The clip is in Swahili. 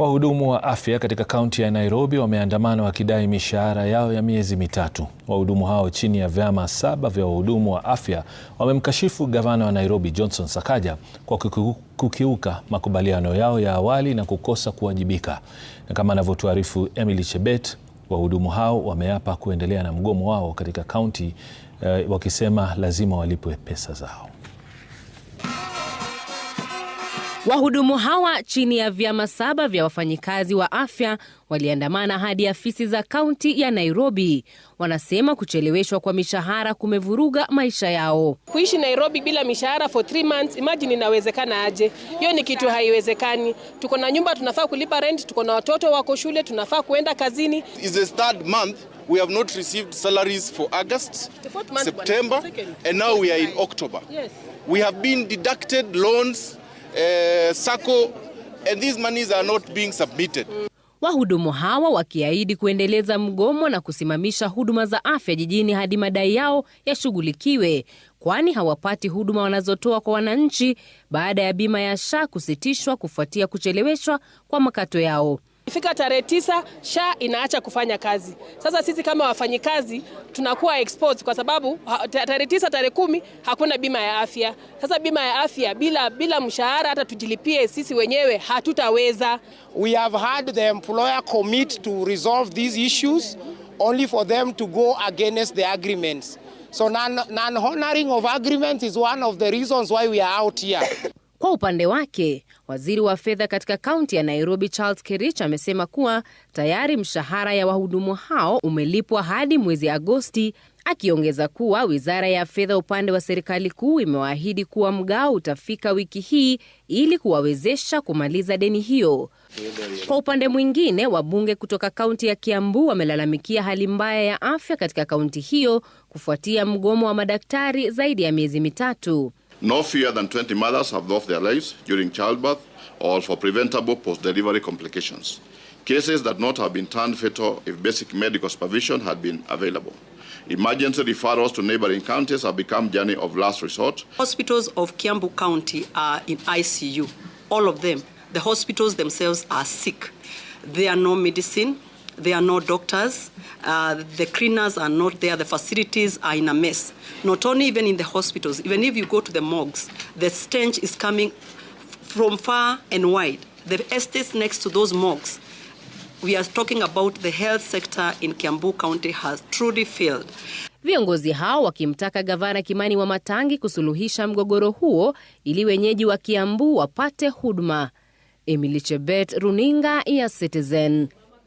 Wahudumu wa afya katika kaunti ya Nairobi wameandamana wakidai mishahara yao ya miezi mitatu. Wahudumu hao chini ya vyama saba vya wahudumu wa afya wamemkashifu gavana wa Nairobi Johnson Sakaja kwa kukiuka makubaliano yao ya awali na kukosa kuwajibika. Na kama anavyotuarifu Emily Chebet, wahudumu hao wameapa kuendelea na mgomo wao katika kaunti eh, wakisema lazima walipwe pesa zao. Wahudumu hawa chini ya vyama saba vya wafanyikazi wa afya waliandamana hadi afisi za kaunti ya Nairobi. Wanasema kucheleweshwa kwa mishahara kumevuruga maisha yao. Kuishi Nairobi bila mishahara for three months, imagine inawezekana aje? Hiyo ni kitu haiwezekani. Tuko na nyumba, tunafaa kulipa rent, tuko na watoto wako shule, tunafaa kuenda kazini. It's the third month we have not received salaries for August, September, and now we are in October. We have been deducted loans uh, SACCO and these monies are not being submitted. Wahudumu hawa wakiahidi kuendeleza mgomo na kusimamisha huduma za afya jijini hadi madai yao yashughulikiwe, kwani hawapati huduma wanazotoa kwa wananchi baada ya bima ya SHA kusitishwa kufuatia kucheleweshwa kwa makato yao. Ifika tarehe tisa SHA inaacha kufanya kazi. Sasa sisi kama wafanyikazi tunakuwa exposed kwa sababu tarehe tisa, tarehe kumi hakuna bima ya afya. Sasa bima ya afya bila, bila mshahara hata tujilipie sisi wenyewe hatutaweza. We have had the employer commit to resolve these issues only for them to go against the agreements. So non, non-honoring of agreements is one of the reasons why we are out here. Kwa upande wake, waziri wa fedha katika kaunti ya Nairobi Charles Kerich amesema kuwa tayari mshahara ya wahudumu hao umelipwa hadi mwezi Agosti, akiongeza kuwa wizara ya fedha upande wa serikali kuu imewaahidi kuwa mgao utafika wiki hii ili kuwawezesha kumaliza deni hiyo. Kwa upande mwingine, wabunge kutoka kaunti ya Kiambu wamelalamikia hali mbaya ya afya katika kaunti hiyo kufuatia mgomo wa madaktari zaidi ya miezi mitatu. No fewer than 20 mothers have lost their lives during childbirth or for preventable post-delivery complications, cases that not have been turned fatal if basic medical supervision had been available. Emergency referrals to neighboring counties have become journey of last resort. Hospitals of Kiambu County are in ICU. All of them. The hospitals themselves are sick. There are no medicine. There are no doctors, uh, the cleaners are not there, the facilities are in a mess. Not only even in the hospitals, even if you go to the morgues, the stench is coming from far and wide. The estates next to those morgues, we are talking about the health sector in Kiambu County has truly failed. Viongozi hao wakimtaka Gavana Kimani wa Matangi kusuluhisha mgogoro huo ili wenyeji wa Kiambu wapate huduma. Emily Chebet, Runinga ya Citizen.